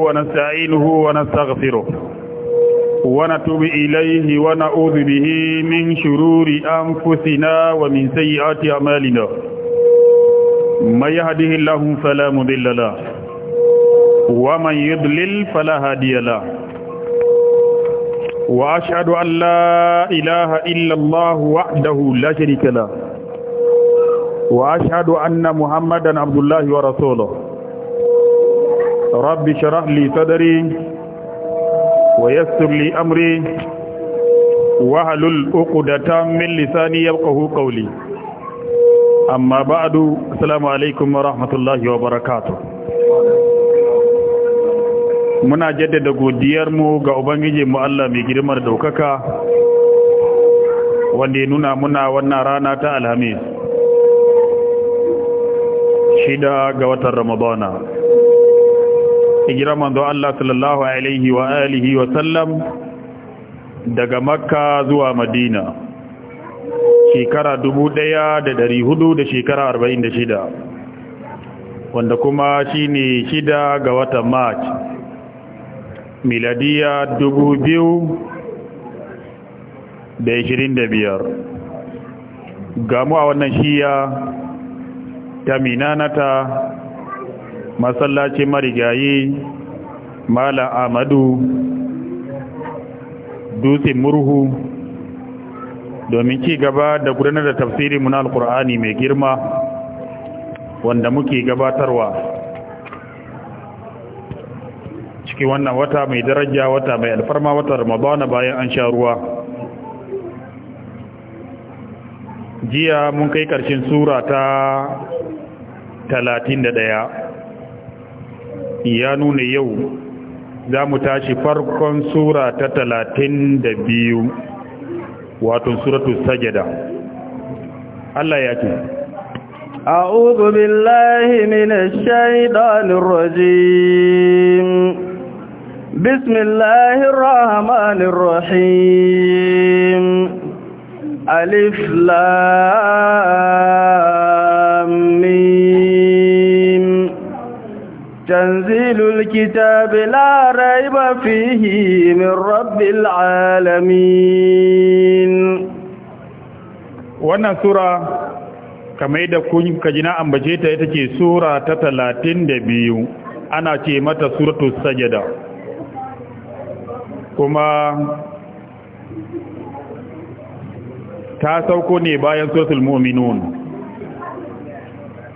ونستعينه ونستغفره ونتوب إليه ونعوذ به من شرور أنفسنا ومن سيئات أعمالنا من يهده الله فلا مضل له ومن يضلل فلا هادي له وأشهد أن لا إله إلا الله وحده لا شريك له وأشهد أن محمدا عبد الله ورسوله rabbi sharah li sadri wa yassir li amri wa halul uqdatan min lisani yafqahu qawli amma ba'du assalamu alaykum wa rahmatullahi wa barakatuh muna jaddada godiyar mu ga ubangiji mu Allah mai girmar daukaka wanda ya nuna muna wannan rana ta alhamis shida ga watan ramadana hijirar manzo Allah sallallahu alaihi wa alihi wa sallam daga makka zuwa madina shekara dubu da dari da shekara arba'in wanda kuma shi ne shida ga watan march miladiya dubu biyu da ishirin da biyar gamu wannan shiya ta minanata masallacin marigayi mala amadu dutsen murhu domin ci gaba da gudanar da tafsirin mu na alkur'ani mai girma wanda muke gabatarwa ciki wannan wata mai daraja wata mai alfarma wata ramadana bayan an sha ruwa jiya mun kai karshen sura ta 31 ya nuna yau za mu tashi farkon sura ta talatin da biyu wato suratu sajada Allah ya ce a'udhu billahi minash shaitanir rajim bismillahir rahmanir rahim alif lam mim تنزيل الكتاب لا ريب فيه من رب العالمين wannan sura kamar da kuka ji na ambace ta ita ce sura ta talatin da biyu ana ce mata suratu sajada kuma ta sauko ne bayan suratul mu'minun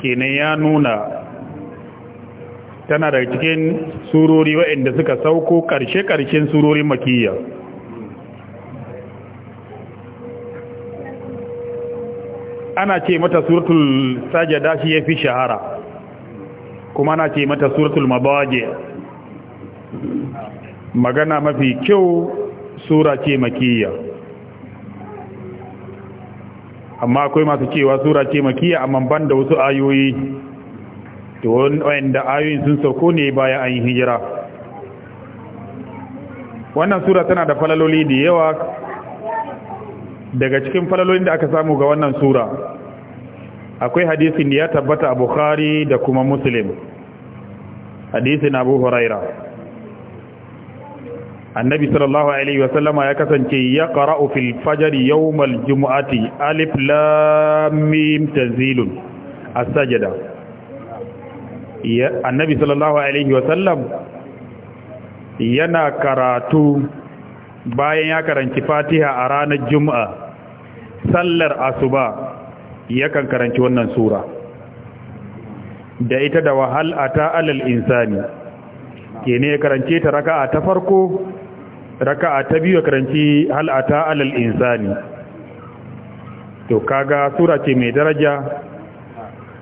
kenan ya nuna tana daga cikin surori waɗanda suka sauko ƙarshe-ƙarshen surorin makiyya ana ce mata suratul sajada shi ya fi shahara kuma ana ce mata suratul mabaje magana mafi kyau sura ce makiyya amma akwai masu cewa sura ce makiyya amma ban da wasu ayoyi to wanda ayoyin sun sauko ne bayan an yi hijira wannan sura tana da falaloli da yawa daga cikin falalolin da aka samu ga wannan sura akwai hadisin da ya tabbata a bukhari da kuma muslim hadisin abu huraira annabi sallallahu alaihi wasallama ya kasance ya qara'u fil fajr yawmal al-jum'ati alif lam mim tanzilun as annabi sallallahu alaihi wasallam yana karatu bayan ya karanci fatiha a ranar juma'a sallar asuba yakan karanci wannan sura da ita da wahal ata alal insani ke ya karance ta raka'a ta farko raka'a ta biyu ya karanci hal ata alal insani to kaga sura ce mai daraja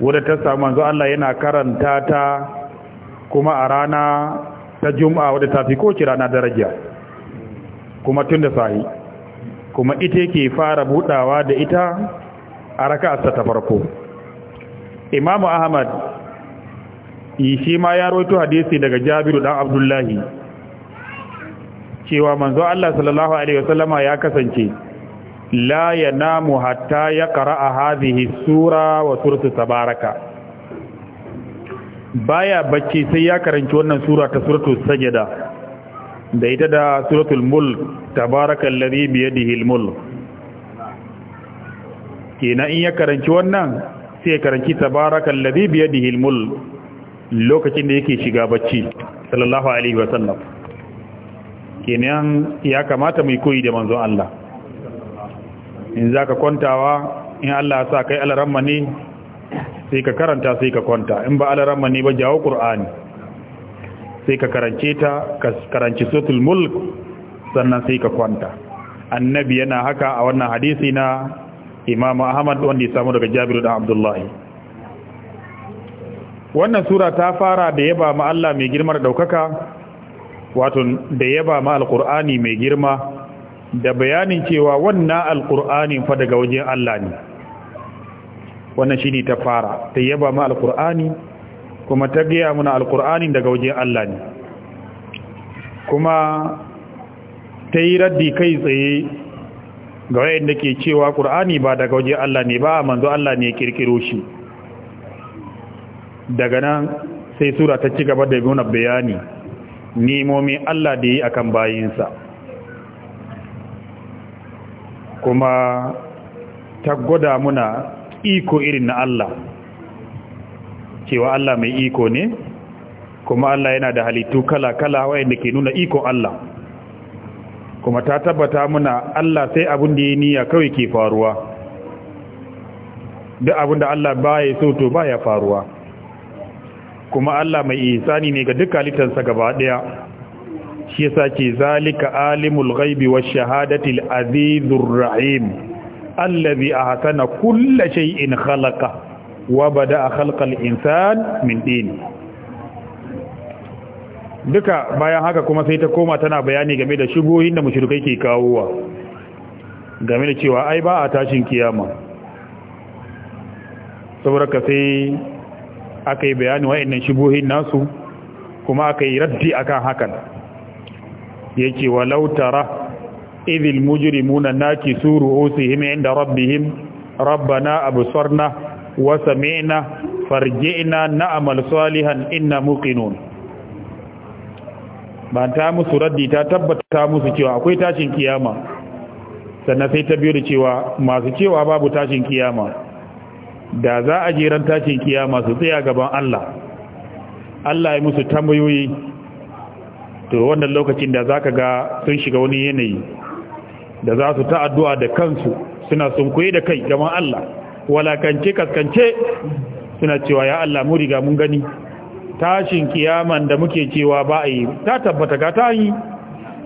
wadda ta samu manzo Allah yana karanta ta kuma a rana ta juma'a wadda ta fi koci rana daraja kuma tun da sahi kuma ita ke fara budawa da ita a raka'arsa ta farko imamu ahmad shi ma ya roto hadisi daga jabiru dan abdullahi cewa manzo Allah sallallahu alaihi wasallama ya kasance la yanamu hatta ya qara'a hadhihi sura wa suratu tabaraka baya bacci sai ya karanci wannan sura ta suratul sajda da ita da suratul mulk tabarakal ladhi bi yadihi al mulk kenan in ya karanci wannan sai ya karanci tabarakal ladhi bi yadihi al mulk lokacin da yake shiga bacci sallallahu alaihi wasallam kenan ya kamata mu koyi da manzon Allah in za ka kwantawa in Allah sa kai alarama ne sai ka karanta sai ka kwanta in ba alarama ne ba jawo ƙur'ani sai ka karance ta ka karanci sotul mulk sannan sai ka kwanta annabi yana haka a wannan hadisi na imamu ahmad wanda ya samu daga jabiru da abdullahi wannan sura ta fara da yaba ma Allah mai girma ɗaukaka daukaka wato da yaba ma Alƙur'ani mai girma da bayanin cewa wannan alkur'ani fa daga wajen Allah ne wannan shi ne ta fara ta yaba ma alkur'ani kuma ta gaya muna alkur'ani daga wajen Allah ne kuma ta yi raddi kai tsaye ga wayan da ke cewa ƙur'ani ba daga wajen Allah ne ba manzo Allah ne ya kirkiro shi daga nan sai sura ta ci gaba da nuna bayani nemomin Allah da yi akan bayinsa kuma ta gwada muna iko irin na Allah cewa Allah mai iko ne kuma Allah yana da halittu kala-kala wayanda ke nuna iko Allah kuma ta tabbata muna Allah sai abin da ya niyya kawai ke faruwa duk abin da Allah baya so to ba ya faruwa kuma Allah mai isani ne ga duk halittarsa gaba daya shi yasa ce zalika alimul ghaibi wash shahadati al-azizur rahim allazi ahsana kulla shay'in khalaqa wa bada'a khalqal insan min din duka bayan haka kuma sai ta koma tana bayani game da shigohin da mushrikai ke kawowa game da cewa ai ba a tashin kiyama saboda sai aka yi bayani wa'annan shigohin nasu kuma aka yi raddi akan hakan yake walau tara idhil mujrimuna nakisu ru'usihim inda rabbihim rabbana absarna wa sami'na farji'na na'mal salihan inna muqinun ba ta musu raddi ta tabbata musu cewa akwai tashin kiyama sannan sai ta biyo da cewa masu cewa babu tashin kiyama da za a jeran tashin kiyama su tsaya gaban Allah Allah ya musu tambayoyi to wannan lokacin da zaka ga sun shiga wani yanayi da za su ta addu'a da kansu suna sunkuye da kai gaban Allah walakance kaskance suna cewa ya Allah mu riga mun gani tashin kiyaman da muke cewa ba a yi ta tabbata ga ta yi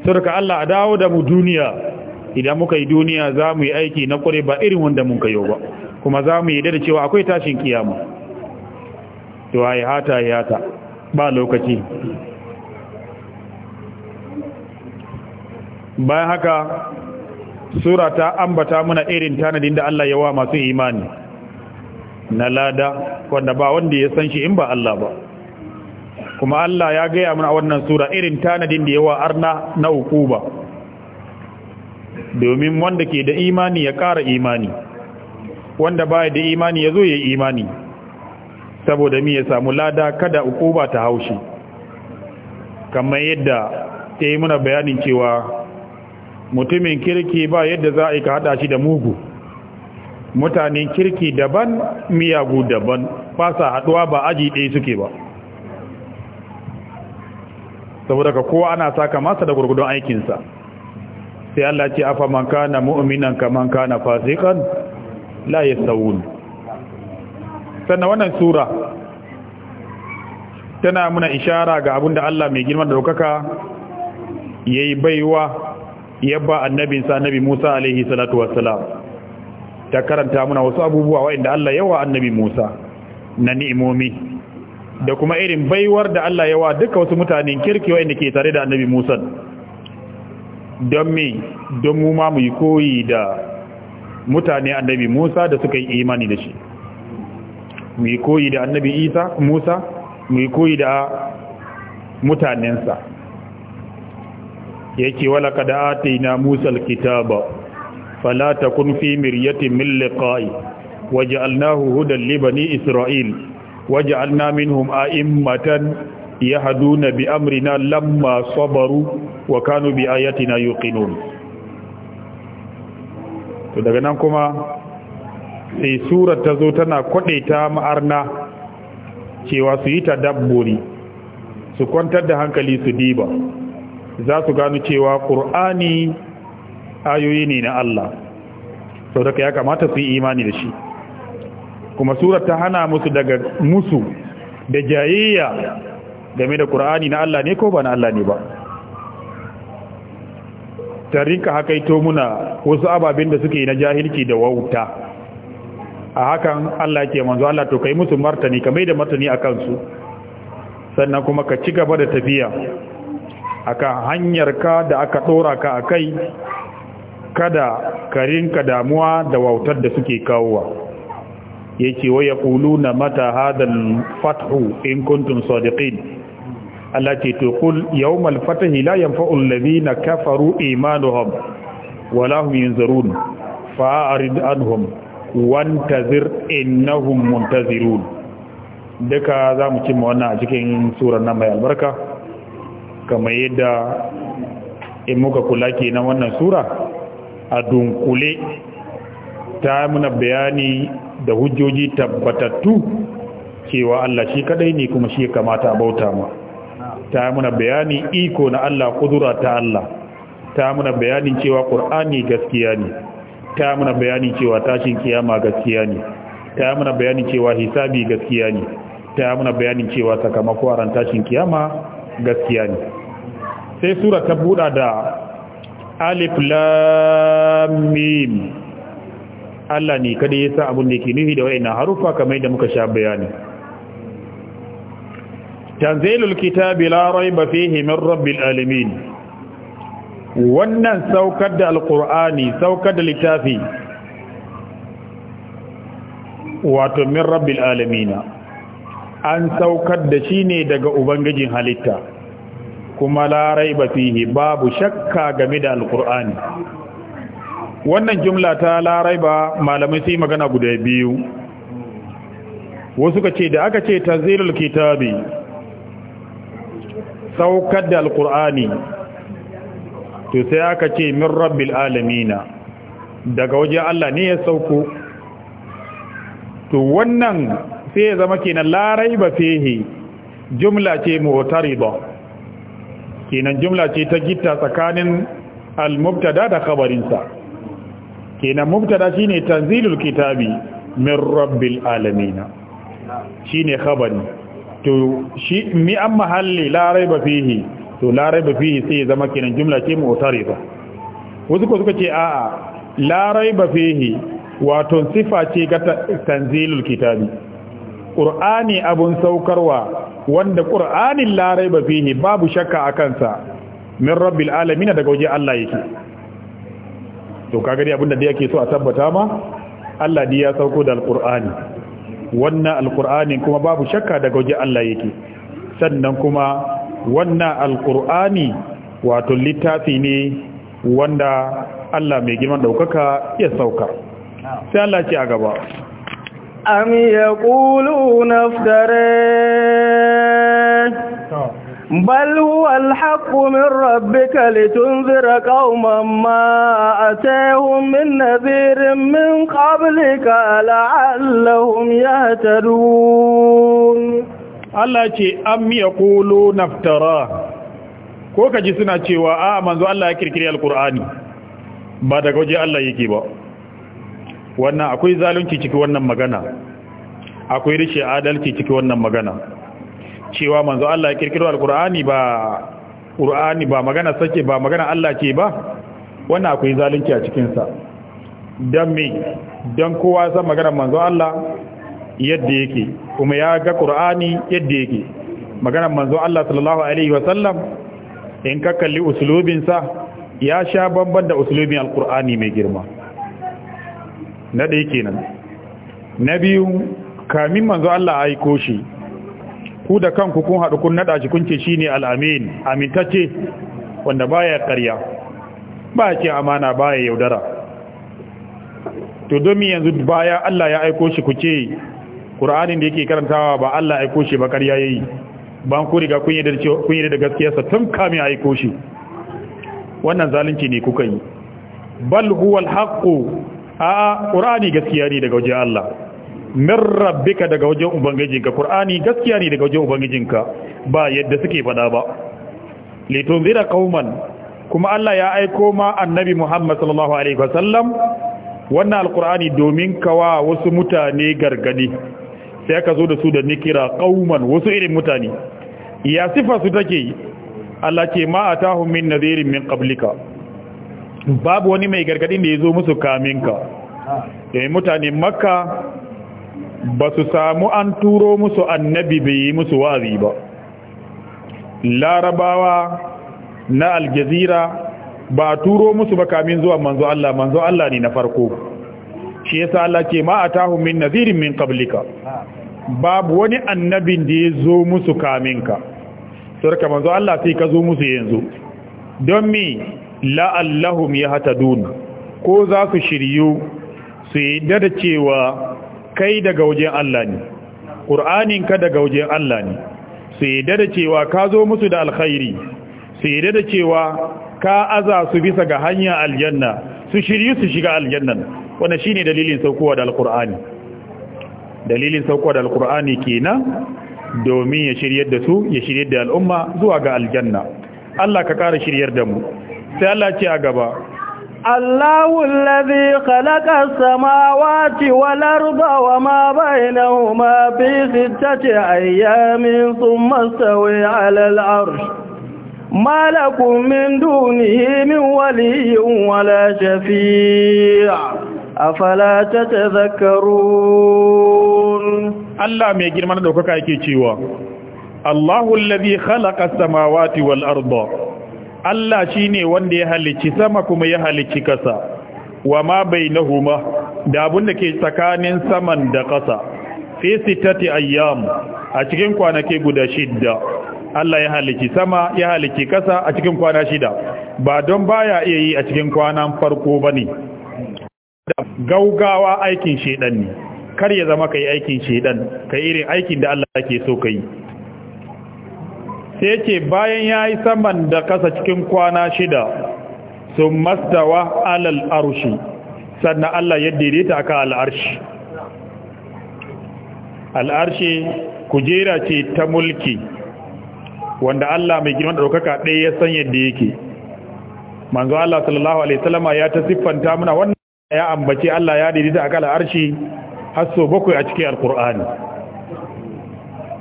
surka Allah a dawo da mu duniya idan muka yi duniya za mu yi aiki na kure ba irin wanda mun kayo ba kuma za mu yi da cewa akwai tashin kiyama to ai hata ya hata ba lokaci bayan haka sura ta ambata muna irin tanadin da Allah ya wa masu imani na lada wanda ba wanda ya san shi in ba Allah ba kuma Allah ya gaya mana wannan sura irin tanadin da ya wa arna na ukuba domin wanda ke da imani ya ƙara imani wanda baya da imani ya zo ya imani saboda mi ya samu lada kada ukuba ta haushi kamar yadda ta yi muna bayanin cewa mutumin kirki ba yadda za a yi ka hada shi da mugu mutanen kirki daban miyagu daban ba sa haduwa ba aji ɗaya suke ba saboda ka kowa ana saka masa da gurgudun aikinsa sai Allah ce afa man kana mu'minan man kana fasikan la yasawun sannan wannan sura tana muna ishara ga abinda Allah mai girman daukaka yayi baiwa yabba annabinsa annabi Musa alaihi salatu wassalam ta karanta muna wasu abubuwa wa'inda Allah yawa annabi Musa na ni'imomi da kuma irin baiwar da Allah yawa duka wasu mutanen kirki wa'inda ke tare da annabi Musa don me don mu ma mu yi koyi da mutane annabi Musa da suka yi imani da shi mu yi koyi da annabi Isa Musa mu yi koyi da mutanensa yake wala kada atina musa alkitaba fala takun fi miryatin min liqa'i waja'alnahu hudan li bani isra'il waja'alna minhum a'immatan yahduna bi amrina lamma sabaru wa kanu bi ayatina yuqinun to daga nan kuma sai surar ta zo tana ta ma'arna cewa su yi dabbori su kwantar da hankali su diba za su gano cewa ƙur'ani ayoyi ne na Allah sau daga ya kamata su yi imani da shi kuma surar ta hana musu daga musu da jayayya game da ƙur'ani na Allah ne ko ba na Allah ne ba ta haka ito muna wasu ababen da suke na jahilci da wauta a hakan Allah ke manzo Allah to kai musu martani kamar da martani a kansu sannan kuma ka ci gaba da tafiya hanyar ka da aka ɗora ka a kai kada ka rinka damuwa da wautar da suke kawowa ya ce wa ya ƙulu na mata hadal fathu in kuntum sadiqin Allah ce to kul yawmal fatahi la yanfa'u alladhina kafaru imanuhum wala hum yunzarun fa'arid anhum wantazir innahum muntazirun duka zamu cimma wannan a cikin surar nan mai albarka kamar yadda in muka kula ke na wannan sura a dunkule ta muna bayani da hujjoji tabbatattu cewa Allah shi kadai ne kuma shi kamata a bauta ma ta muna bayani iko na Allah kudura ta Allah ta muna bayanin cewa ƙur'ani gaskiya ne ta muna bayanin cewa tashin kiyama gaskiya ne ta muna bayanin cewa hisabi gaskiya ne ta muna bayanin cewa sakamako a tashin kiyama gaskiya ne sai sura ta buɗa da alif Allah ne kada ya sa abin da ke nufi da wayannan harufa kamar da muka sha bayani tanzilul kitabi la raiba fihi min rabbil alamin wannan saukar da alqur'ani saukar da littafi wato min rabbil alamin an saukar da shi ne daga ubangijin halitta kuma larai ba fihi babu shakka game da alkur'ani wannan jumla ta larai ba malamai sai magana guda biyu wasu ka ce da aka ce tanzilul kitabi saukar da alkur'ani to sai aka ce min rabbil alamina daga waje Allah ne ya sauko to wannan sai ya zama kenan larai ba fehe jumla ce ba kenan jumla ce ta gitta tsakanin al-mubtada da kabarinsa kenan mubtada shine tanzilul kitabi min rabbil alamin shine khabari to shi mi an mahalli larai ba fehe to larai ba fehe sai ya zama kenan jumla ce ba wasu ko suka ce a'a larai ba fehe wato sifa ce ga tanzilul kitabi ƙur'ani abun saukarwa wanda ƙur'anin larai ba fihi babu shakka a kansa min rabbil alamin daga waje Allah yake to kaga dai abinda da yake so a tabbata ma Allah dai ya sauko da alqur'ani wannan alqur'ani kuma babu shakka daga waje Allah yake sannan kuma wannan alqur'ani wato littafi ne wanda Allah mai girman daukaka ya sauka sai Allah ce a gaba am yaquluna iftara بل هو الحق من ربك لتنذر قوما ما أتاهم من نذير من قبلك لعلهم يهتدون Allah ce am miya kolo naftara ko kaji suna cewa a manzo Allah ya kirkiri alkur'ani ba daga waje Allah yake ba wannan akwai zalunci ciki wannan magana akwai rishe adalci ciki wannan magana cewa manzo Allah ya kirkiro alqur'ani ba qur'ani ba magana sake ba magana Allah ce ba wannan akwai zalunci a cikin sa dan me dan kowa san magana manzo Allah yadda yake kuma ya ga qur'ani yadda yake magana manzo Allah sallallahu alaihi wa sallam in ka kalli usulubin sa ya sha bamban da usulubin alqur'ani mai girma na ɗaya kenan na biyu kamin manzo Allah aiko shi ku da kanku kun haɗu kun naɗa shi kun ce shi ne al'amin amintacce wanda ba ya ƙarya ba ya ce amana ba ya yaudara to domin yanzu baya Allah ya aiko shi ku ce ƙura'anin da yake karantawa ba Allah aiko shi ba ƙarya ya yi ba ku riga kun yi da gaskiyarsa tun kamin aiko shi wannan zalunci ne kuka yi bal huwal haƙo a'a qur'ani gaskiya ne daga wajen Allah min rabbika daga wajen ubangijinka qur'ani gaskiya ne daga wajen ubangijinka ba yadda suke fada ba litunzira qauman kuma Allah ya aiko ma annabi Muhammad sallallahu alaihi wasallam wannan alqur'ani domin kawa wasu mutane gargadi sai ka zo da su da nikira qauman wasu irin mutane ya sifa su take Allah ce ma atahum min nadhirin min qablika babu wani mai gargadin da ya zo musu kamin ka ah. eh, mutane makka ba su samu an turo musu annabi bai yi musu wazi ba larabawa na aljazira ba turo musu ba kamin zuwa manzo Allah manzo Allah ne na farko shi yasa Allah ce ma atahum min nadhirin min qablika ah. babu wani Annabi da ya zo musu kamin ka sarka manzo Allah sai ka zo musu yanzu don me la'allahum hataduna, ko za su shiryu su yi dada cewa kai daga wajen Allah ne Qur'anin ka daga wajen Allah ne su yi dada cewa ka zo musu da alkhairi su yi dada cewa ka aza su bisa ga hanyar aljanna su shiryu su shiga aljanna shi shine dalilin saukowa da Alkur'ani. dalilin saukowa da Alkur'ani kenan domin ya shiryar da su ya shiryar da al'umma zuwa ga aljanna Allah ka ƙara shiryar da mu sai Allah ce a gaba Allahu allazi khalaqa as-samawati wal arda wama bainahuma fi sittati ayyamin thumma stawi 'ala al-'arsh ma lakum min dunihi min waliyyin wala shafi'a afala tatadhakkarun Allah mai girman daukaka yake cewa Allahu allazi khalaqa as-samawati wal arda Allah shi ne wanda ya halicci sama kuma ya halicci kasa wa ma Huma, da abin da ke tsakanin saman da kasa fi sittati ayyam a cikin kwanaki guda shidda Allah ya halicci sama ya halicci kasa a cikin kwana shida ba don baya iya yi a cikin kwanan farko ba bane gaugawa aikin shedan ne kar ya zama ka yi aikin shedan yi irin aikin da Allah ke so ka yi. sai ce bayan ya yi saman da kasa cikin kwana shida sun mastawa alal arshi sannan Allah ya daidaita aka al'arshi al'arshi kujera ce ta mulki wanda Allah mai girman ɗaukaka ɗaya ya san yadda yake manzo Allah sallallahu alaihi wasallama ya ta siffanta muna wannan ya ambace Allah ya daidaita aka al'arshi har sau bakwai a cikin alkur'ani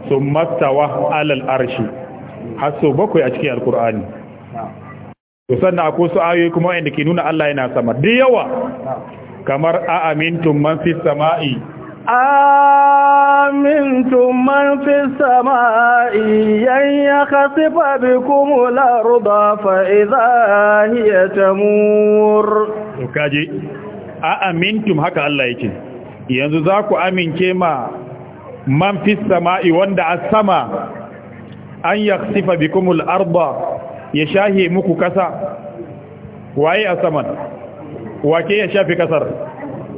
sun mastawa alal arshi har sau bakwai a cikin alkur'ani to sannan akwai su ayoyi kuma inda ke nuna Allah yana sama da yawa kamar a amintum man fi sama'i amintum man fi sama'i yan yakhsifa bikum bi kuma fa idha hiya tamur to kaje a amintum haka Allah yake yanzu za ku amince ma man fi sama'i wanda a sama an yaksifa bikumul arda ya shahe muku kasa waye a saman wake ya shafi kasar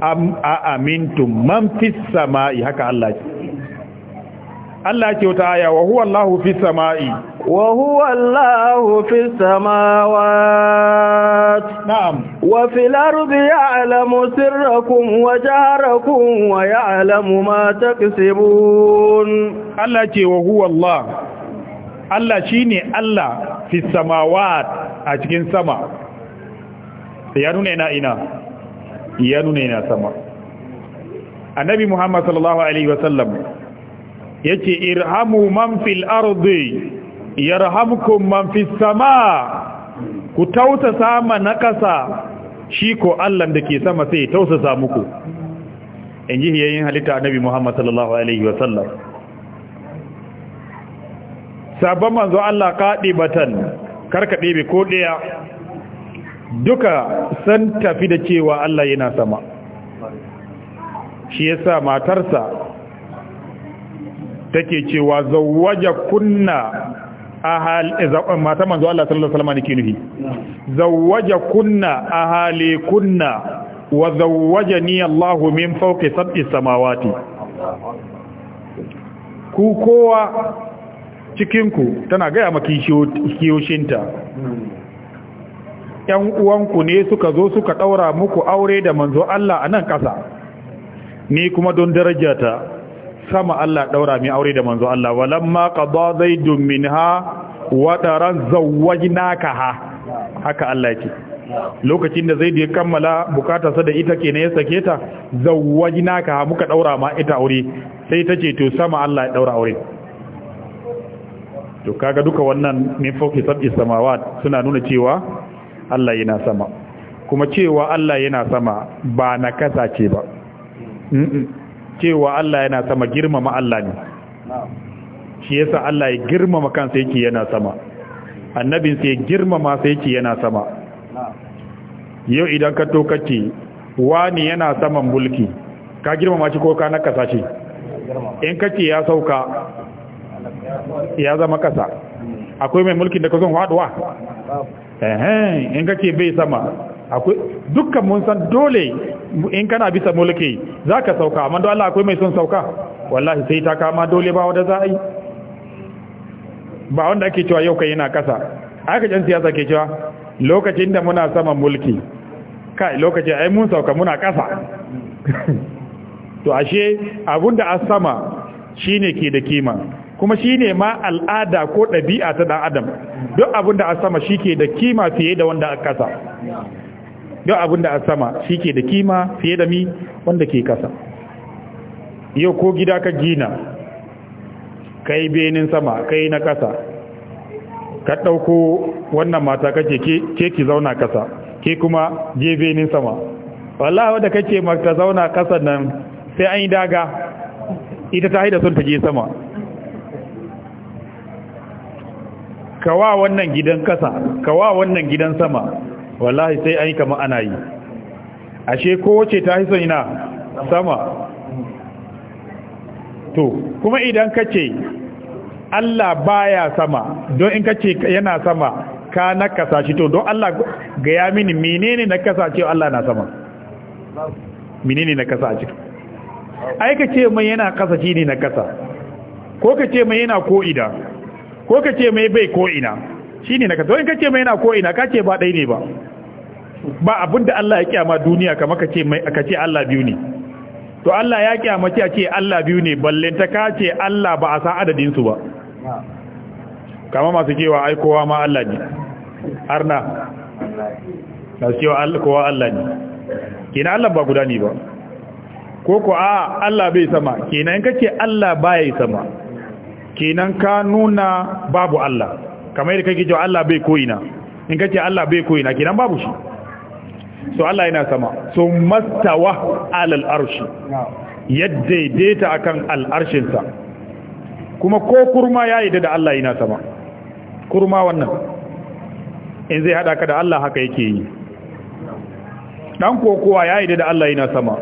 am a amintum man fis samai haka Allah ce Allah ce wata aya wa huwa Allahu fis samai wa huwa Allahu fis samawat na'am wa fil ardi ya'lamu sirrakum wa jaharakum wa ya'lamu ma taksibun Allah ce wa huwa Allah Allah shi ne Allah fi samawat a cikin sama ya nuna ina ina ya nuna ina sama annabi Muhammad sallallahu alaihi wasallam yace irhamu man fil ardi yarhamkum man fis sama ku sama na nakasa shi ko Allah da ke sama sai tausasa muku in ji hiyayin halitta annabi Muhammad sallallahu alaihi wasallam sabon manzo Allah kaɗi batan karka ɗebe ko ɗaya duka san tafi da cewa Allah yana sama shi yasa matarsa take cewa zawwaja kunna ahal eh, eh, mata manzo Allah sallallahu alaihi wasallam yake nuhi zawwaja kunna ahali kunna wa zawwajani Allah min fawqi sab'i samawati ku kowa cikinku tana gaya maki kiyoshinta ‘yan uwanku ne suka zo suka ɗaura muku aure da manzo Allah a nan ƙasa ni kuma don darajata sama Allah ɗaura mai aure da manzo Allah ka ba zai domin ha wataran zawaj naka ha haka Allah ce lokacin da zai da ya kammala bukatarsa da ita ke ya sake ta zawaj naka ha muka ɗaura ma ita aure sai ta ce to sama Allah ya ɗaura aure to kaga duka wannan min fawqi sab'i samawat suna nuna cewa Allah yana sama kuma cewa Allah yana sama ba kasa ce ba cewa Allah yana sama girmama Allah ne shi yasa Allah ya girmama kansa yake yana sama annabin sai girmama sai yake yana sama yau idan ka to kace wani yana saman mulki ka girmama shi ko ka nakasa shi in kace ya sauka ya zama kasa akwai mai mulkin da ka son haduwa in kake bai sama akwai dukkan mun san dole in kana bisa mulki za ka sauka amma don Allah akwai mai son sauka wallahi sai ta kama dole ba wadda za a yi ba wanda ake cewa yau kai yana kasa aka jan siyasa ke cewa lokacin da muna sama mulki kai lokacin ai mun sauka muna kasa to ashe abunda a sama shine ke da kima kuma shi ne ma al'ada ko ɗabi'a ta ɗan adam don abin da a sama shi ke da kima fiye da wanda a ƙasa don abin da a sama shi ke da kima fiye da mi wanda ke ƙasa yau ko gida ka gina ka yi benin sama ka yi na ƙasa ka ɗauko wannan mata kake ke ki zauna ƙasa ke kuma je benin sama wallah wadda kake ta zauna ƙasa nan sai an yi daga ita ta haida sun ta je sama kawa wannan gidan kasa kawa wannan gidan sama wallahi sai ai kama ana yi ashe kowace ta hiso ina sama to kuma idan kace Allah baya sama don in kace yana sama ka na kasa shi to don Allah gaya mini menene na kasa ce Allah na sama menene na kasa ce ai kace mai yana kasa shi ne na kasa ko kace mai yana ko ida ko ka ce mai bai ko'ina shi ne na ka in ka ce mai na ko'ina ka ce ba ɗai ne ba ba abinda da Allah ya kyama duniya kama ka ce Allah biyu ne to Allah ya ce a ce Allah biyu ne ballinta ta ka ce Allah ba a san adadinsu ba kama masu cewa ai kowa ma Allah ne arna masu cewa kowa Allah ne kina Allah ba guda ne ba ko ko a Allah bai sama kenan kace Allah yi sama kenan ka nuna babu Allah kamar yadda kake cewa Allah bai koyina in kace Allah bai koyina kenan babu shi so Allah yana sama so mastawa alal arshi ya daidaita akan al'arshinsa kuma ko kurma ya yi da Allah yana sama kurma wannan in zai hada ka da Allah haka yake yi dan kokowa ya yi da Allah yana sama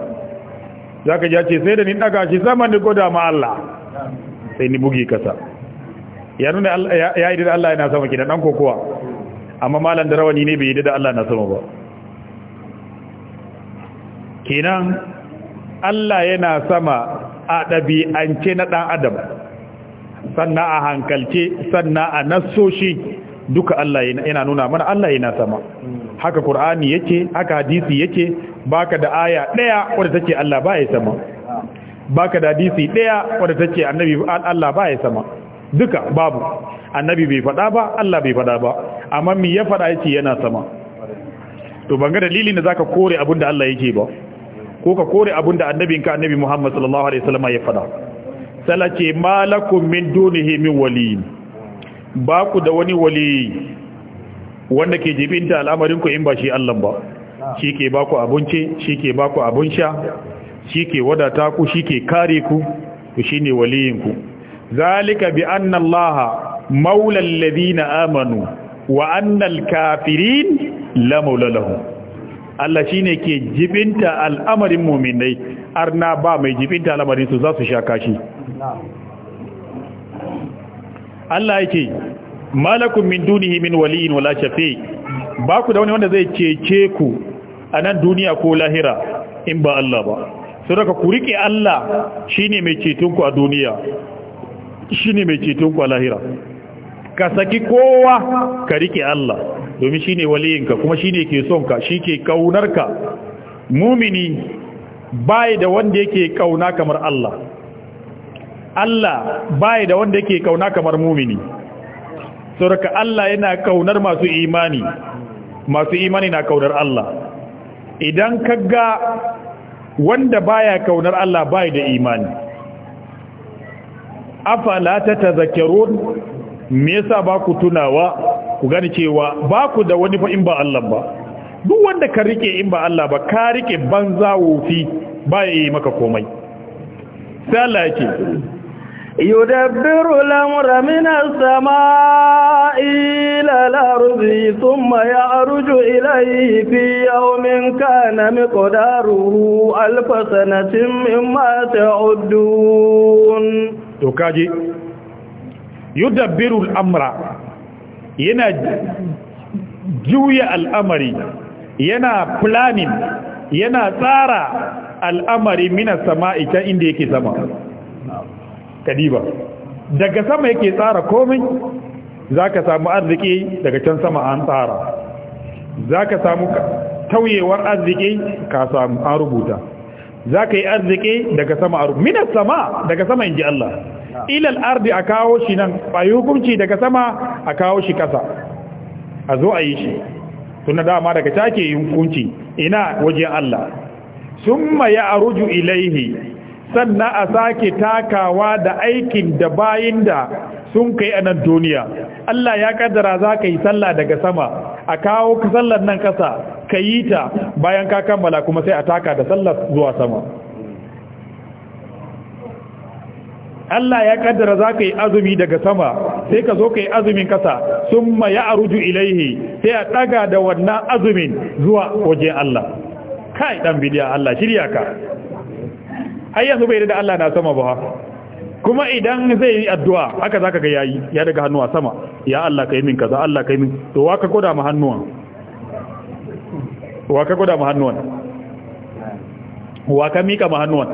zaka ji ya ce sai da ni daga shi sama ni goda ma Allah sai ni bugi kasa ya nuna ya yi da Allah yana sama kidan dan kokowa amma malam da rawani ne bai yi da Allah na sama ba kenan Allah yana sama a ɗabi'ance na ɗan adam sannan a hankalce sannan a nassoshi duka Allah yana nuna mana Allah yana sama haka Qur'ani yake haka hadisi yake baka da aya ɗaya wanda take Allah ba ya sama baka da hadisi daya wanda ce annabi Allah ba ya sama duka babu annabi bai fada ba Allah bai fada ba amma mi ya fada yake yana sama to banga dalilin da zaka kore abinda Allah yake ba ko ka kore abinda ka annabi Muhammad sallallahu alaihi wasallam ya fada salace malakum min dunihi min wali ba ku da wani wali wanda ke jibinta al'amarin ku in ba shi Allah ba shi ke ba ku abinci shi ke ba ku abin sha shi ke wadata ku shi ke kare ku to shi ne waliyinku zalika bi anna allaha maulal ladina amanu wa annal kafirin la maulalahu Allah shine ke jibinta al'amarin mu'minai arna ba mai jibinta al'amarin su za su sha kashi Allah yake malakum min dunihi min waliyin wala shafi ba ku da wani wanda zai cece ku a nan duniya ko lahira in ba Allah ba sun raka ku riƙe Allah shi ne mai cetonku a duniya shi ne mai cetonku a lahira ka saki kowa ka riƙe Allah domin shi ne waliyinka kuma shi ne ke sonka shi ke ƙaunarka mumini bai da wanda yake ƙauna kamar Allah Allah bai da wanda yake ƙauna kamar mumini raka Allah yana ƙaunar masu imani masu imani na ƙaunar Allah idan ka ga wanda baya kaunar Allah bai da imani afala ta tazakkarun me yasa ba ku tunawa ku gani cewa ba ku da wani fa in ba Allah ba duk wanda ka rike in ba Allah ba ka rike banza wofi baya yi maka komai sai Allah yake Yudda biru lamura mina samaa'ii lallaaruutti summa yaadu juu ilmaayi fi yaa'u min kkaanamii kudhaaharru ma timmii maasii hodhuun. Yudda biru amra yana juuya al'amari, yana planin yana saara al'amari mina samaa'ii kan indi yake sama. kadiba daga sama yake tsara komai zaka samu arziki daga can sama an tsara zaka samu tauyewar arziki ka samu an rubuta zaka yi arziki daga sama a rubuta minas sama daga sama inji Allah ilal ardi a kawo shi nan bayi hukunci daga sama a kawo shi kasa a zo a yi shi na dama daga take hukunci ina wajen Allah summa ya aruju ilaihi sannan a sake takawa da aikin da bayin da sun kai anan duniya Allah ya kaddara za ka yi sallah daga sama a kawo ka sallar nan kasa ka yi ta bayan ka kammala kuma sai a taka da sallar zuwa sama Allah ya kaddara za ka yi azumi daga sama sai ka zo ka yi azumin kasa sun ma ya aruju ilaihi sai a ɗaga da wannan azumin zuwa wajen Allah kai ɗan bidiya Allah shirya ka har yanzu bai da Allah na sama ba kuma idan zai yi addu'a haka zaka ga yayi ya daga hannuwa sama ya Allah kai min kaza Allah kai min to waka koda mu hannuwa waka koda mu hannuwa waka mika mu hannuwa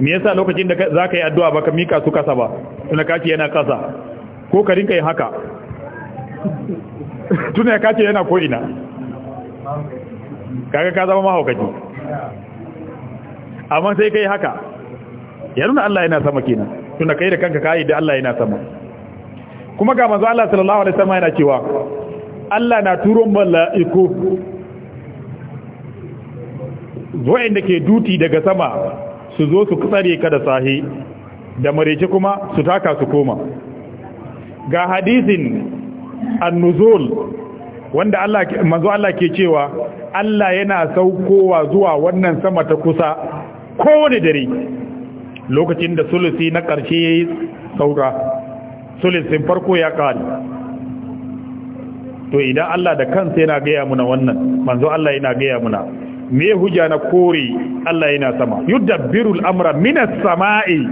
me yasa lokacin da zaka yi addu'a baka mika su kasa ba tuna kace yana kasa ko ka rinka yin haka tuna kace yana ko ina kaga ka zama mahaukaci amma sai kai haka ya nuna Allah yana sama kenan tunda kai da kanka kai da Allah yana sama kuma ga manzo Allah sallallahu alaihi wasallam yana cewa Allah na turo mala'iku inda ke duti daga sama su zo su tsare ka da sahi da marece kuma su taka su koma ga hadisin annuzul wanda Allah manzo Allah ke cewa Allah yana saukowa zuwa wannan sama ta kusa kowane dare lokacin da sulusi na ƙarshe ya yi sauka sulusin farko ya ƙari to idan Allah da kansa yana gaya muna wannan manzo Allah yana gaya muna me hujja na kore Allah yana sama yudabbirul amra minas sama'i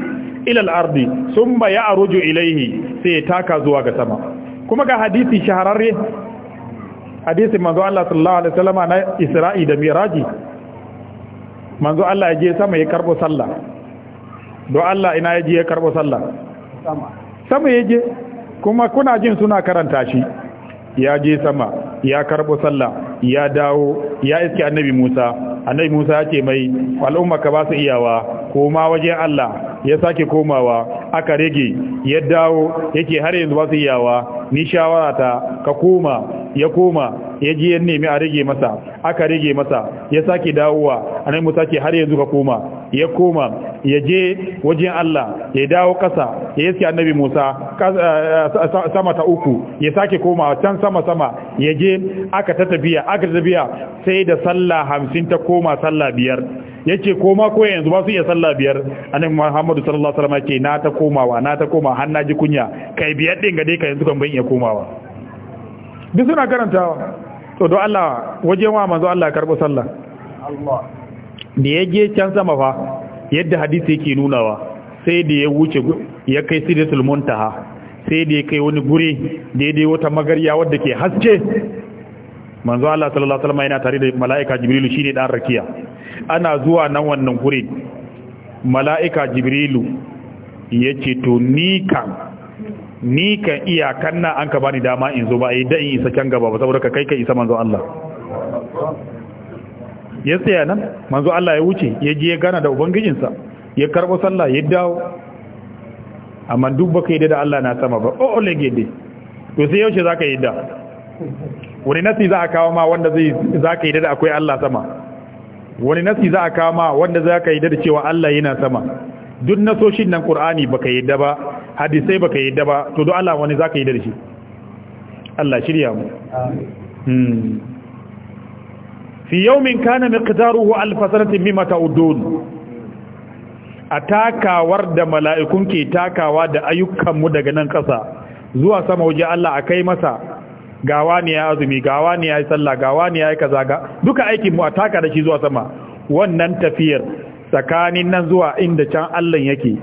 ila al-ardi thumma ya'ruju ilayhi sai taka zuwa ga sama kuma ga hadisi shahararre hadisi manzo Allah sallallahu alaihi wasallam na Isra'i da Miraji manzo Allah ya je sama ya karbo sallah do Allah ina ya je ya karbo sallah sama ya je kuma kuna jin suna karanta shi ya je sama ya karbo sallah ya dawo ya iske annabi Musa annabi Musa ya ce mai al'umma ka ba su iyawa ma wajen Allah ya sake komawa aka rage ya dawo yake har yanzu ba su yawa ni shawara ta ka koma ya koma ya ji ya nemi a rage masa aka rage masa ya sake dawowa anai musa sake har yanzu ka koma ya koma ya je wajen Allah ya dawo kasa ya yi annabi Musa eh, sama ta uku ya sake koma can sama-sama ya je aka ta tafiya aka tafiya sai da sallah hamsin ta koma sallah biyar yace ko ma ko yanzu ba su iya sallah biyar annabi Muhammadu sallallahu alaihi wasallam ce na ta komawa na ta koma har ji kunya kai biyar din ga dai kai yanzu kan ban iya komawa duk suna karantawa to don Allah waje wa manzo Allah karbo sallah Allah da je can sama fa yadda hadisi yake nunawa sai da ya wuce ya kai sidratul muntaha sai da ya kai wani guri daidai wata magarya wadda ke haske manzo Allah sallallahu alaihi wasallam yana tare da mala'ika Jibrilu shine dan rakiya ana zuwa nan wannan guri mala'ika jibrilu ya ce to ni kan ni iyakan na an ka bani dama in zo ba a yi eh, da'in isa can gaba ba saboda ka kai ka isa manzo Allah ya tsaya nan manzo Allah ya wuce ya je ya gana da ubangijinsa ya karɓo sallah ya dawo amma duk baka yi da Allah na sama ba o oh, ole gede to sai yaushe ka yi da wani nasi za a kawo ma wanda zai ka yi da akwai Allah sama wani nasi za a kama wanda za ka yi da cewa Allah yana sama duk nasoshin nan Qur'ani baka yadda ba hadisai baka yadda ba to don Allah wani za ka yi da shi Allah shirya mu hmm. fi yawmin kana miqdaruhu alf sanatin mimma ta'udun a takawar da mala'ikun ke takawa da ayyukanmu daga nan ƙasa zuwa sama waje Allah a kai masa gawa ne ya azumi gawa ne ya yi sallah gawa ne ya yi kaza ga duka aikin mu a taka da shi zuwa sama wannan tafiyar tsakanin nan zuwa inda can Allah yake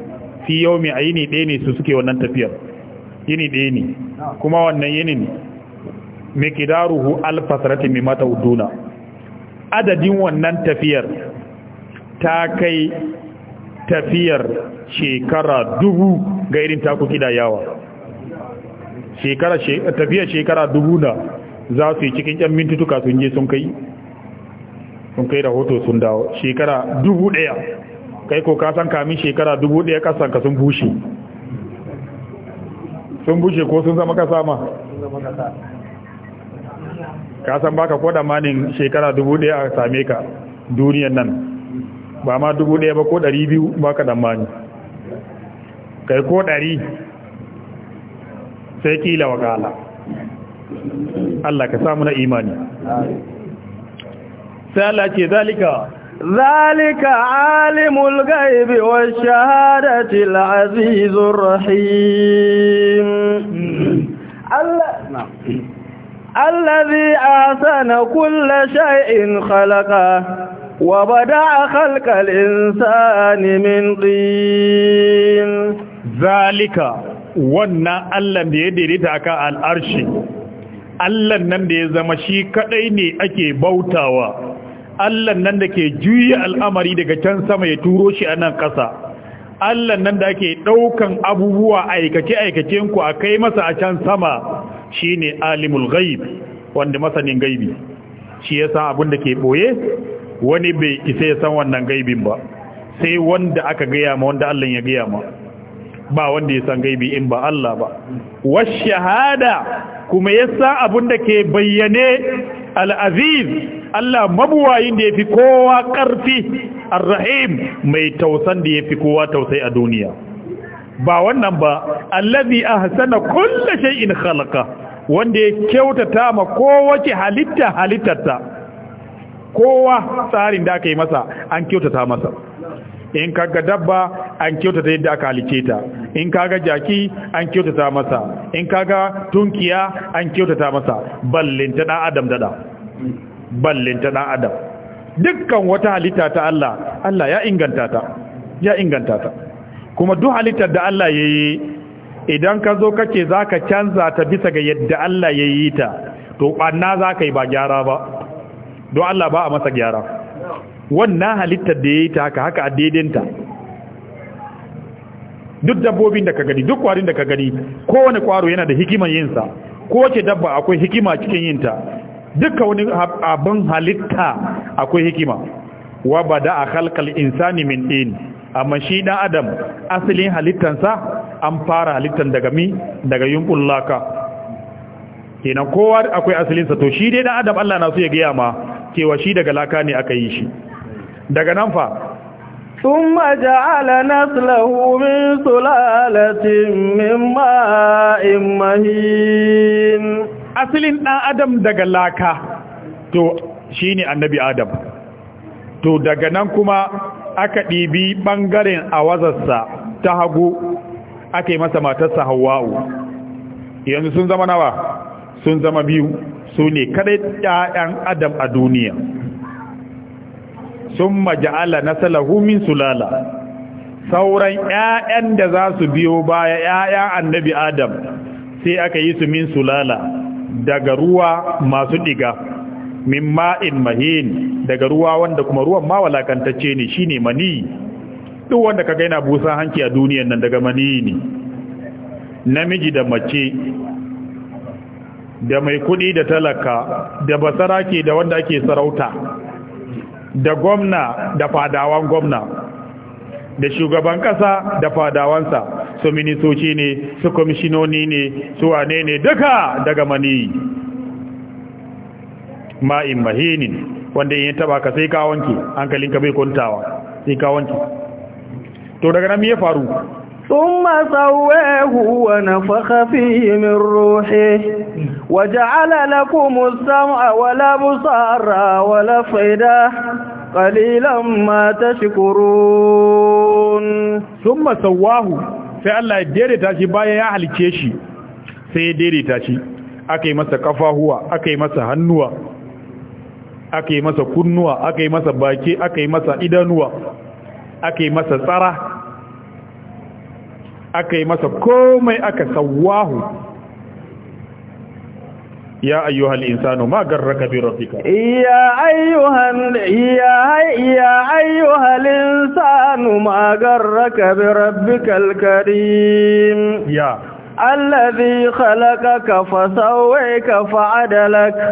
fi yaumi a yini ɗaya ne su suke wannan tafiyar yini ɗaya ne kuma wannan yini ne miqdaruhu alfasrati mimma ta'uduna adadin wannan tafiyar ta kai tafiyar shekara dubu ga irin taku kidayawa yawa shekara tafiya shekara dubu da za su yi cikin yan mintutuka sun je sun kai sun kai rahoto sun dawo shekara dubu daya kai ko kasan kamin shekara dubu daya kasanka sun bushe sun bushe ko sun zama kasa ma kasan baka koda manin shekara dubu daya a same ka duniyan nan ba ma dubu daya ba ko dari biyu baka damani kai ko dari sai kila wa kala Allah ka samu na imani sai Allah ce zalika zalika alimul gaibi wa shahadati al-azizur rahim Allah na الذي آسن كل شيء خلقه وبدع خلق الإنسان من طين ذلك wannan Allah da ya daidaita akan al'arshi Allah nan da ya zama shi kaɗai ne ake bautawa Allah nan da ke juya al'amari daga can sama ya turo shi a nan ƙasa Allah nan da ake ɗaukan abubuwa aikace-aikacen ku a kai masa a can sama shi ne alimul gaibi wanda masanin gaibi shi ya san abin da ke ɓoye wani bai isa ya san wannan gaibin ba sai wanda aka gaya ma wanda Allah ya gaya ma ba wanda ya san gaibi in ba Allah ba washahada kuma yasa abun da ke bayyane al-aziz Allah mabuwayin da yafi kowa karfi ar-rahim mai tausan da yafi kowa tausai a duniya ba wannan ba allazi ahsana kulli shay'in khalaqa wanda ya kyautata ma kowace halitta halittarta kowa tsarin da aka yi masa an kyautata masa in kaga dabba an kyautata yadda aka halice ta in kaga jaki an kyautata masa in kaga tunkiya an kyautata masa ballinta dan adam dada ballinta dan adam dukkan wata halitta ta Allah Allah ya inganta ta ya inganta ta kuma duk halittar da Allah yayi idan ka zo kake zaka canza ta bisa ga yadda Allah yayi ta to banna zaka yi ba gyara ba don Allah ba a masa gyara wannan halittar da ya yi ta haka haka a daidanta duk dabbobin da ka gani duk kwarin da ka gani kowane kwaro yana da hikimar yinsa kowace dabba akwai hikima cikin yinta duka wani abin halitta akwai hikima wa ba da a halkar insani min ɗin amma shi ɗan adam asalin halittansa an fara halittan daga mi daga yunkun laka kenan kowa akwai asalinsa to shi dai dan adam Allah na so ya gaya ma cewa shi daga laka ne aka yi shi daga nan fa ثم ala naslahu min sulalatin min ma'in mahin asalin ɗan adam daga laka to shine annabi adam to daga nan kuma aka ɗibi ɓangaren a wazarsa ta hagu aka yi masa matarsa hawa'u yanzu sun zama nawa sun zama biyu sune ne kadai adam a duniya summa ja'ala nasalahu min sulala sauran 'ya'yan da za su biyo baya 'ya'yan annabi adam sai aka yi su min sulala daga ruwa masu diga min ma'in mahin daga ruwa wanda kuma ruwan ma walakantacce ne shine mani duk wanda ka gaina busa hanki a duniyar nan daga mani ne namiji da mace da mai kudi da talaka da basara ke da wanda ake sarauta da gwamna da fadawan gwamna da shugaban kasa da fadawansa su ministoci ne su kwamishinoni ne su wane ne duka daga mani ma'in mahinin wanda yin taba ka sai ka wanke hankalinka bai kuntawa sai ka to daga nan ya faru ثم سواه ونفخ فيه من روحه وجعل لكم السمع والأبصار والأفئدة قليلا ما تشكرون ثم سواه sai Allah ya daidaita shi bayan ya halice shi sai ya daidaita shi aka yi masa kafahuwa aka yi masa hannuwa aka yi masa kunnuwa aka yi masa baki aka yi masa idanuwa aka yi masa tsara aka yi masa komai aka sawahu ya ayyuhal insano ma garraka bi rabbika ya ya ya ayyuhal insano ma garraka bi rabbikal karim ya alladhi khalaqaka fa sawwaka fa adalaka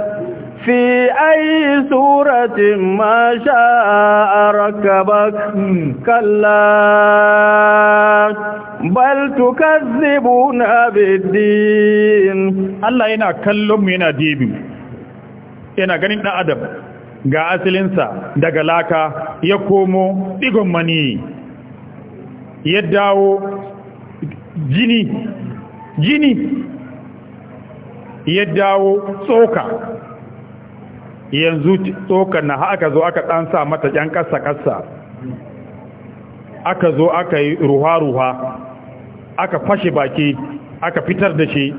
Sii ayi suracin maashaa arakkaba kallaa baltu kazzibu na fiddiin. Allah yana kallon mu yana deebi'u, yana ganin adam ga asilinsa daga laaka ya komo digon manii ya jini jini ya daawo yanzu tsokar na aka zo aka ɗan sa mata yan ƙasa-ƙasa aka zo aka yi ruwa-ruwa aka fashe baki aka fitar da shi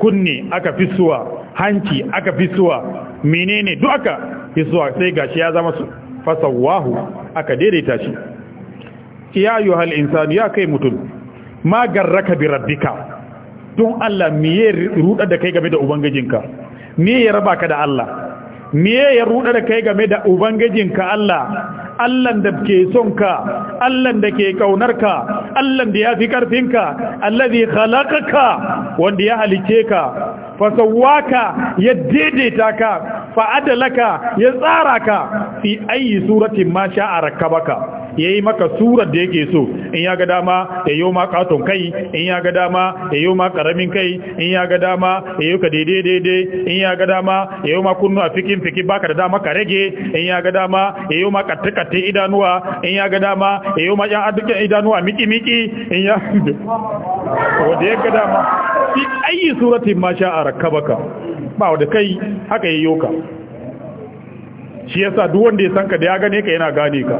kunne aka fisuwa hanci aka fisuwa menene duk aka fisuwa sai gashi ya zama fasawahu aka daidaita shi ya yi hal insani ya kai mutum ma garraka bi rabbika don Allah miye ya ruda da kai game da ubangijinka me ya raba ka da Allah miye ya ruɗa da kai game da ubangijinka Allah Allahn da ke son ka Allahn da ke kaunarka Allahn da ya fi ƙarfinka allazi khalaqaka wanda ya halice ka fasawaka ya daidaita ka fa'adalaka ya tsara ka fi ayi suratin ma sha'a rakabaka. ya yi maka surar da yake so in ya ga dama ya yi ma katon kai in ya ga dama ya yi ma karamin kai in ya ga dama ya yi ka daidai daidai in ya ga dama ya yi ma kunnu a fikin fiki baka da dama ka rage in ya ga dama ya yi ma katte katte idanuwa in ya ga dama ya yi ma yan adukan idanuwa miki miki in ya wanda ya ga dama fi ayi suratin ma a rakabaka ba wanda kai haka yayyo ka shi yasa duk wanda ya san ka da ya gane ka yana gane ka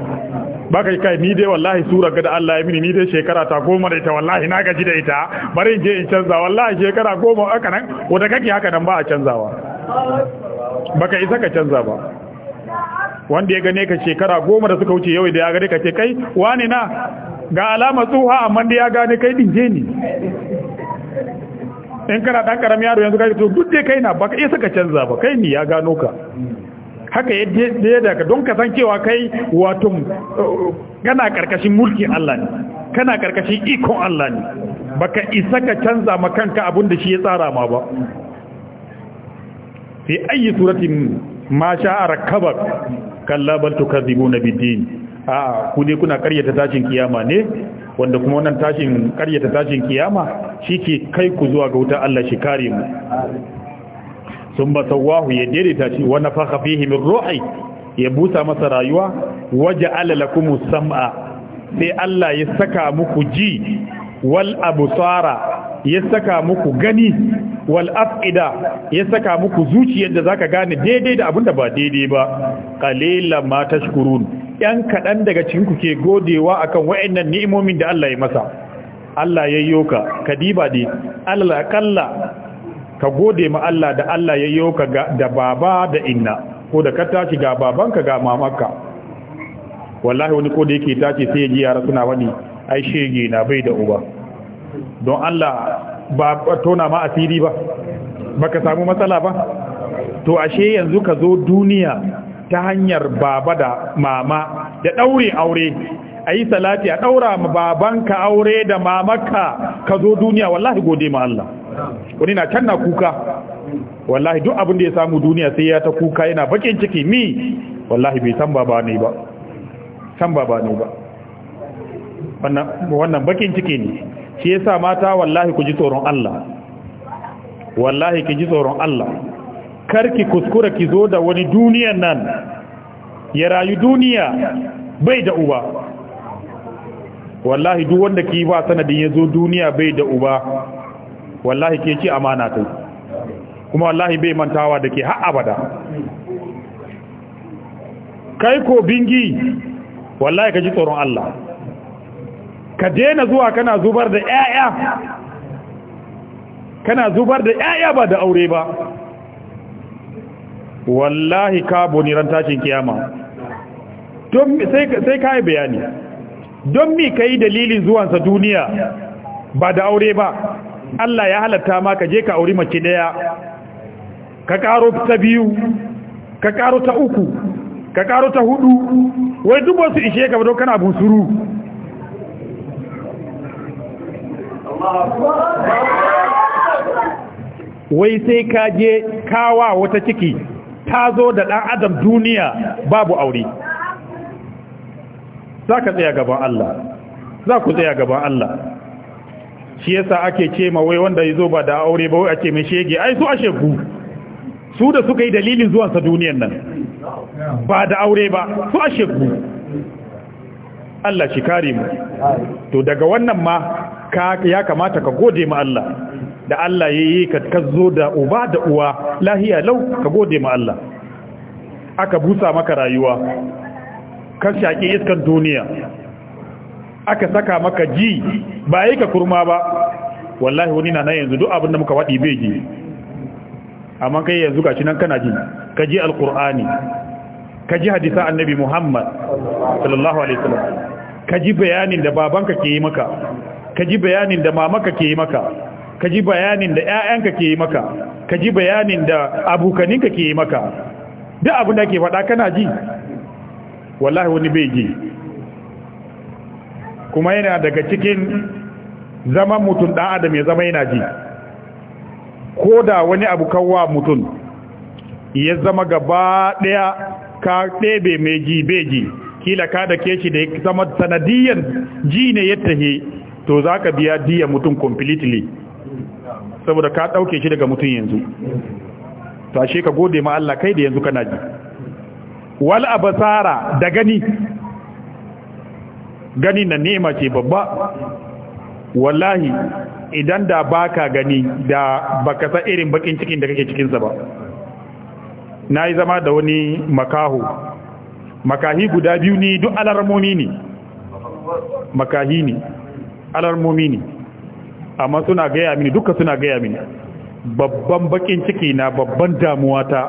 ba kai kai ni dai wallahi sura ga da Allah ya mini ni dai shekara ta goma da ita wallahi na gaji da ita bari in je in canza wallahi shekara goma aka nan wata kake haka nan ba a canzawa baka isa ka canza ba wanda ya gane ka shekara goma da suka wuce yau da ya gane ka ce kai wani na ga alama tsuha amma da ya gane kai je ni. in kana dan karamin yaro yanzu kai to duk dai kai na baka isa ka canza ba kai ni ya gano ka haka yadda ya daga don ka san cewa kai wato kana karkashin mulkin Allah ne kana karkashin ikon Allah ne baka isa ka canza makanka kanka abin da shi ya tsara ma ba fi ayi suratin ma sha'a rakabak kallabal tukazibuna na a'a a ku ne kuna karyata tashin kiyama ne wanda kuma wannan tashin karyata tashin kiyama shi ke kai ku zuwa ga wuta Allah shi kare mu sun ba ya daidaita shi wani faka fihi min ya busa masa rayuwa waje alalakumu sam'a sai Allah ya saka muku ji wal abusara ya saka muku gani wal afida ya saka muku zuciyar da zaka gane daidai da abinda ba daidai ba kalela ma tashkurun yan kadan daga cikin ku ke godewa akan wayannan ni'imomin da Allah ya masa Allah yayyo ka kadiba dai Allah kalla ka gode ma Allah da Allah ya yi ka da baba da inna ko da ka tashi ga babanka ga mamanka wallahi wani ko da yake tashi sai ya ji yara suna wani ai shege na bai da uba don Allah ba tona ma asiri ba baka samu matsala ba to ashe yanzu ka zo duniya ta hanyar baba da mama da ɗaure aure a yi salati a ɗaura babanka aure da mamaka ka zo duniya wallahi gode ma Allah wani na can na kuka wallahi duk abin da ya samu duniya sai ya ta kuka yana bakin ciki mi wallahi bai san baba ne ba san baba ne ba wannan bakin ciki ne shi yasa mata wallahi ku ji tsoron Allah wallahi ki ji tsoron Allah kar ki kuskura ki zo da wani duniyan nan ya rayu duniya bai da uba wallahi duk wanda ki ba sanadin ya zo duniya bai da uba wallahi ke ci amana ta kuma wallahi bai mantawa da ke har abada kai ko bingi wallahi ka ji tsoron Allah ka daina zuwa kana zubar da ƴaƴa kana zubar da ƴaƴa ba da aure ba wallahi ka boni ran tashin kiyama don sai sai kai bayani don me kai dalilin zuwansa duniya ba da aure ba Allah ya halatta ma ka je ka auri mace daya ka karo ta biyu ka karo ta uku ka karo ta hudu wai duk wasu ishe ka bado kana busuru wai sai ka je kawa wata ciki ta zo da ɗan adam duniya babu aure za ka tsaya gaban Allah za ku tsaya gaban Allah shi yasa ake ce ma wai wanda yazo ba da aure ba wai ake mai shege ai su ashe ku su da suka yi dalilin zuwansa sa duniyar nan ba da aure ba su ashe ku Allah shi kare mu to daga wannan ma ka ya kamata ka gode ma Allah da Allah yayi ka kazo da uba da uwa lahiya lau ka gode ma Allah aka busa maka rayuwa ka shaƙi iskan duniya aka saka maka ji ba yi ka kurma ba wallahi wani na nan yanzu duk abin da muka waɗi bai ji amma kai yanzu gashi nan kana ji ka ji alkur'ani ka ji hadisa annabi muhammad sallallahu alaihi wasallam ka ji bayanin da babanka ke yi maka ka ji bayanin da mamaka ke yi maka ka ji bayanin da ƴaƴanka ke yi maka ka ji bayanin da abokaninka ke yi maka duk abin da ke faɗa kana ji wallahi wani bai ji kuma yana daga cikin zaman mutum ɗan adam ya zama yana ji ko da wani abu kawwa mutum ya zama gaba ɗaya ka ɗebe mai ji ji, kila ka da ke shi da ya zama sanadiyan ji ne ya tahe to za ka biya diya mutum completely saboda ka ɗauke shi daga mutum yanzu tashe ka gode ma Allah kai da yanzu kana ji wal abasara da gani gani na nema ce babba wallahi idan da baka gani da baka sa irin bakin cikin da kake cikinsa ba na yi zama da wani makaho makahi guda biyu ni duk alarmomi ne makahi ne alarmomi ne amma suna gaya mini duka suna gaya mini babban bakin ciki na babban damuwa ta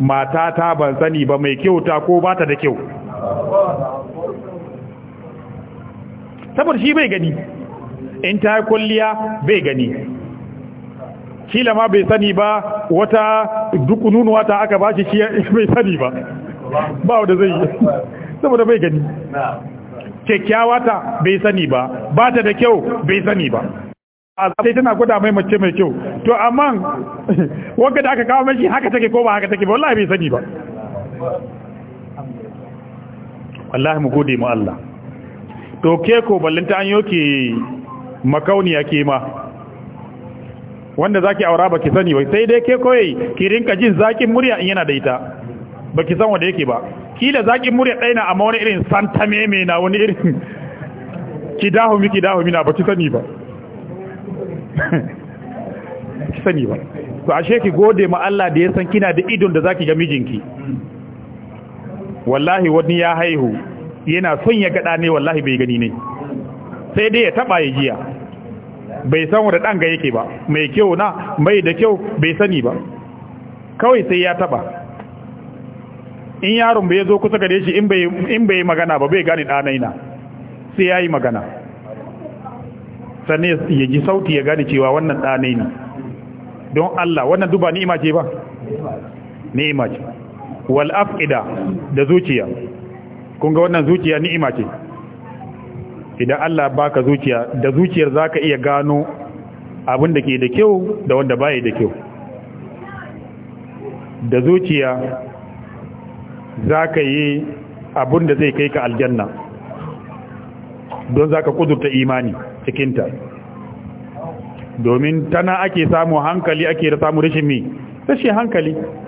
mata ta ban sani ba mai kyauta ko bata da kyau saboda shi bai gani in ta kulliya bai gani kila ma bai sani ba wata dukununuwa ta aka bashi shi bai sani ba ba wanda zai yi saboda bai gani kyakkyawa ta bai sani ba ba ta da kyau bai sani ba a sai tana gwada mai mace mai kyau to amma wanka da aka kawo mashi haka take ko ba haka take ba wallahi bai sani ba wallahi mu gode mu Allah to ke ko ballinta an yoke makauniya ke ma wanda zaki aura baki sani ba sai dai ke koyi ki rinka jin zakin murya in yana da ita baki san wanda yake ba kila zakin murya ɗaya na amma wani irin santa meme na wani irin ki dahu mi ki dahu mi na baki sani ba ki sani ba to ashe ki gode ma Allah da ya san kina da idon da zaki ga mijinki wallahi wani ya haihu yana son ya gada ne wallahi bai gani ne sai dai ya taba ya jiya bai san wanda dan ga yake ba mai kyau na mai da kyau bai sani ba kawai sai ya taba in yaron bai zo kusa gare shi in bai in bai magana ba bai gane danai na sai yayi magana sanne ya ji sauti ya gane cewa wannan danai ne don Allah wannan duba ni'ima ce ba ni'ima ce wal afida da zuciya kun ga wannan zuciya ni'ima ce idan Allah baka zuciya da zuciyar zaka iya gano abin da ke da kyau da wanda baya da kyau da zuciya zaka yi abin da zai kai ka aljanna don zaka kudurta imani cikinta domin tana ake samu hankali ake da samu rashin mi rashin hankali